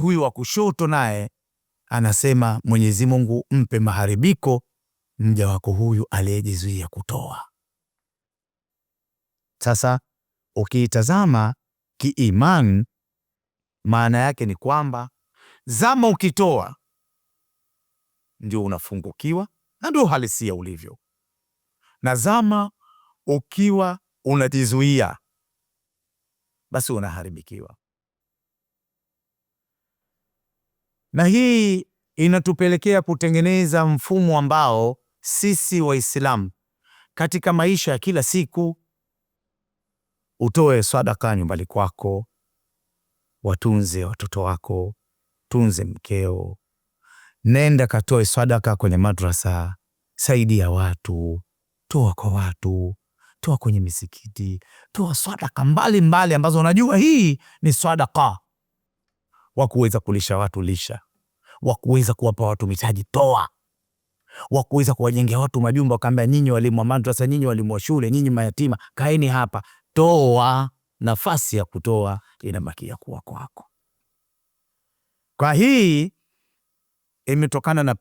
huyu wa kushoto naye anasema Mwenyezi Mungu mpe maharibiko mja wako huyu aliyejizuia kutoa. Sasa ukiitazama kiimani, maana yake ni kwamba zama ukitoa ndio unafungukiwa na ndio uhalisia ulivyo, na zama ukiwa unajizuia basi unaharibikiwa. na hii inatupelekea kutengeneza mfumo ambao sisi Waislamu katika maisha ya kila siku utoe sadaka nyumbani kwako, watunze watoto wako, tunze mkeo, nenda katoe sadaka kwenye madrasa, saidia watu, toa kwa watu, toa kwenye misikiti, toa sadaka mbalimbali ambazo unajua hii ni sadaka wa kuweza kulisha watu lisha, wa kuweza kuwapa watu mitaji toa, wa kuweza kuwajengea watu majumba, wakaambia nyinyi walimu wa madrasa, nyinyi walimu wa shule, nyinyi mayatima, kaeni hapa, toa. Nafasi ya kutoa inabakia kuwa kwako. Kwa hii imetokana na